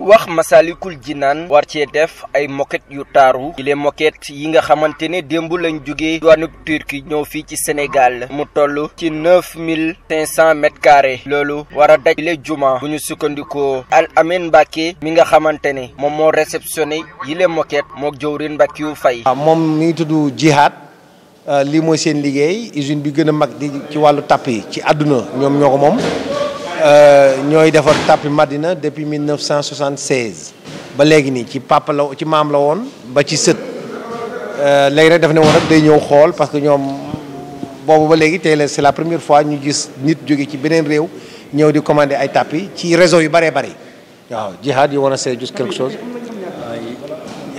wax ji naan war cee def ay moquette yu taaru yi les moquette yi nga xamante ne démb lañ jógee diwaanub turki ñëw fii ci Sénégal mu toll ci neuf mille cinq cent mètres carrés loolu war a daj yile juma bu ñu sukkandikoo al amin Mbàkke mi nga xamante ne moom moo réceptionné yile les moquette mook jëwrin Mbàkke yu fay moom mi ngi tudd Jihad euh, lii mooy seen liggéey usine bi gën a mag ci wàllu tàpp yi ci àdduna ñoom ñoo ko moom euh, ñooy defar tapis Madina depuis 1976 ba léegi nii ci papa la ci maam la woon ba ci sët euh, léegi rek daf ne woon rek day ñëw xool parce que ñoom boobu ba léegi tey la c'est la première fois ñu gis nit jóge ci beneen réew ñëw di commandé ay tapis ci réseau yu bëree bëri waaw Jihad you wanna say just quelque chose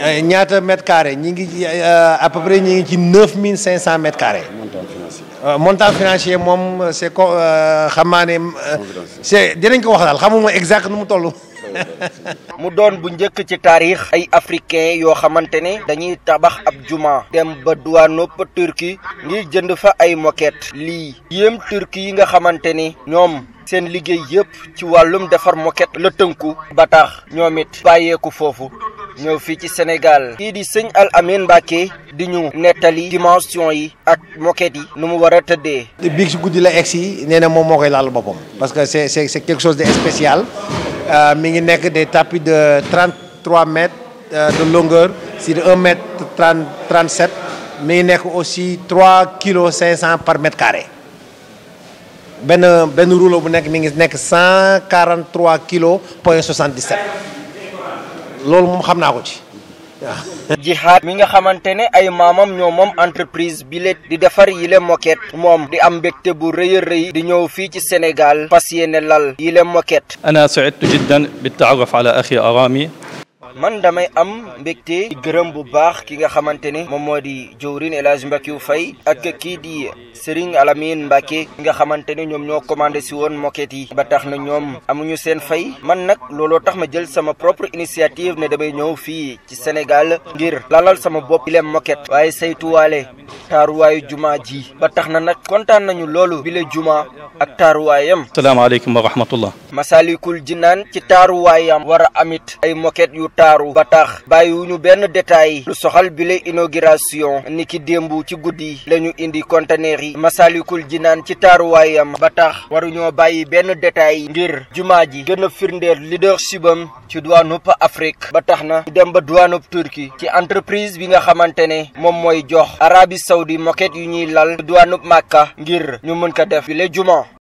euh, ñaata mètre carré ñi ngi euh, à peu près ñi ngi ci 9500 mètres carrés Euh, montant financier moom euh, c' est ko euh, xam naa ne est dinañ ko wax daal xamuma exact nu mu toll. mu doon bu njëkk ci taarix ay africain yoo xamante ne dañuy tabax ab juma dem ba duwaanub turki ngir jënd fa ay moket lii yéem turki yi nga xamante ni ñoom seen liggéey yëpp ci wàllum defar moket la tënku ba tax ñoom it bàyyeeku foofu ñëw fii ci Sénégal kii di sëñ Al Amine Mbacké di ñu nettali dimension yi ak moquette yi nu mu war a tëddee. biig si guddi la egg si nee na moom moo koy laal boppam parce que c'est c'est c'est quelque chose de spécial euh, mi ngi nekk des tapis de 33 mètres euh, de longueur sur 1 mètre 30 37 mi ngi nekk aussi 3 kilos 500 par mètre carré. benn benn rouleau bu nekk mi ngi nekk 143 kilos point 77 loolu moom xam naa ko ci waaw. mi nga xamante ne ay maamam ñoo moom entreprise bi le di defar yile moquette moom di am mbégte bu rëy a rëy di ñëw fii ci Sénégal fas yéene lal yile moquette. ana su'idtu jiddan bi taaruf ala axi Arami man damay am mbégte di gërëm bu baax ki nga xamante ne moom moo di jëwriñ El Hadj Mbakiou fay ak kii di Serigne Alamine Mbacke ki nga xamante ne ñoom ñoo commandé si woon moquette yi ba tax na ñoom amuñu seen fay man nag looloo tax ma jël sama propre initiative ne damay ñëw fii ci Sénégal ngir lalal sama bopp bile moquette waaye saytuwaale taaruwaayu jumaa ji ba tax na nag kontaan nañu loolu bile juma ak taaruwaayam. salaamaaleykum wa rahmatullah. Masalikul Jinaan ci taaruwaayam ndakaaru ba tax ñu benn détail lu soxal bile inauguration ki démb ci guddi lañu indi conteneur yi Masalikul Jinaan ci taaruwaayam ba tax ñoo bàyyi benn détail ngir jumaa ji gën a firndeel leadership am ci douanub Afrique ba tax na dem ba douanub Turquie ci entreprise bi nga xamante ne moom mooy jox arabi Saoudi moket yu ñuy lal douanub Makka ngir ñu mën ko def bile juma